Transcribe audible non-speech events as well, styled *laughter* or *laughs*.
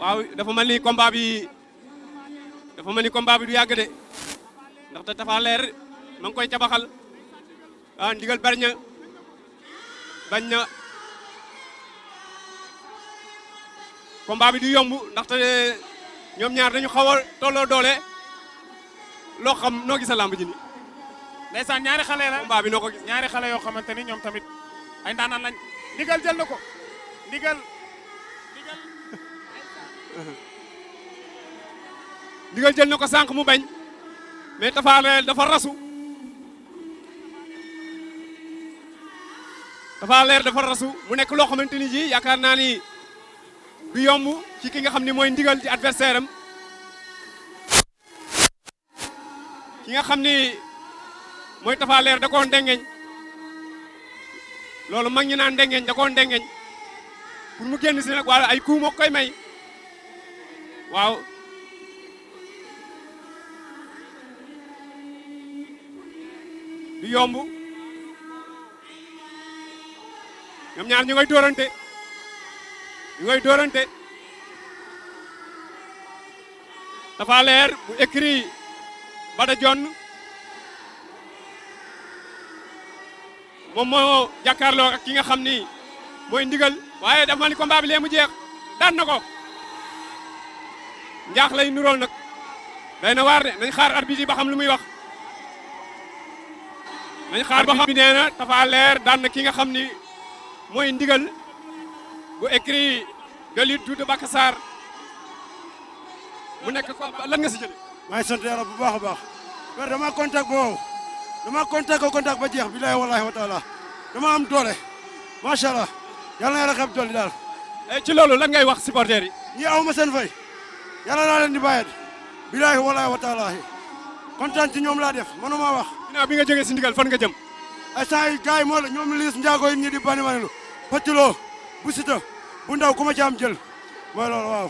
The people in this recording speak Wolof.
waaw dafa mel ni combat bi dafa mel ni combat bi du yàgg de ndaxte dafa leer ma koy cabaxal ah ndigal bari na bañ na combat bi du yomb ndaxte ñoom ñaar dañu xaw tolloo doole loo xam noo gisa lamb ji ni ndeysaan ñaari xale la bi noo ko ñaari xale yoo xamante ñoom tamit ay ndaanaan lañ ndigal jël na ko ndigal *laughs* jël na ko sànq mu bañ mais dafa leel dafa rasu dafa leer dafa mu nekk loo xamante ni ji yaakaar naa ni du yomb ci ki nga xam ni mooy ndigal ci adversaire am ki nga xam ni mooy Tapha Leer da koo ndengeñ loolu mag ñi naan ndengeñ da koo ndengeñ pour mu génn si nag ay coup koy may waaw du yomb ñoom ñaar ñu ngay dóorante ñu ngay dóorante Tapha Leer bu écrit Bada Dione moom moo jàkkaarloo ak ki nga xam ni mooy ndigal waaye dafa mel ni ko bi lee mu jeex daan na ko njaax lay nurool nag day na waar de nañ xaar arbitre yi ba xam lu muy wax nañ xaar ba xam bi nee na Tapha ki nga xam ni mooy ndigal bu écrit de lutte Doudou Bakassar mu nekk ko lan nga si jëlee. maa ngi sant bu baax a baax. wér dama contact boobu. dama contact ko contact ba jeex billahi wallahi wa taala dama am doole macha allah yàlla na rakkab doole daal. Eh, ci loolu lan ngay wax supporters yi. ñi aw ma seen fay yàlla naa leen di bàyyi billahi wallahi wa taala kontaan ci ñoom laa def mënuma wax. ginnaaw bi nga jógee si ndigal fan nga jëm. instant yi gars yi moo la ñoom liis njaago yi ñi di bani manilu Petit Lo bu Siteu bu ndaw ku ma ci am jël mooy loolu waaw.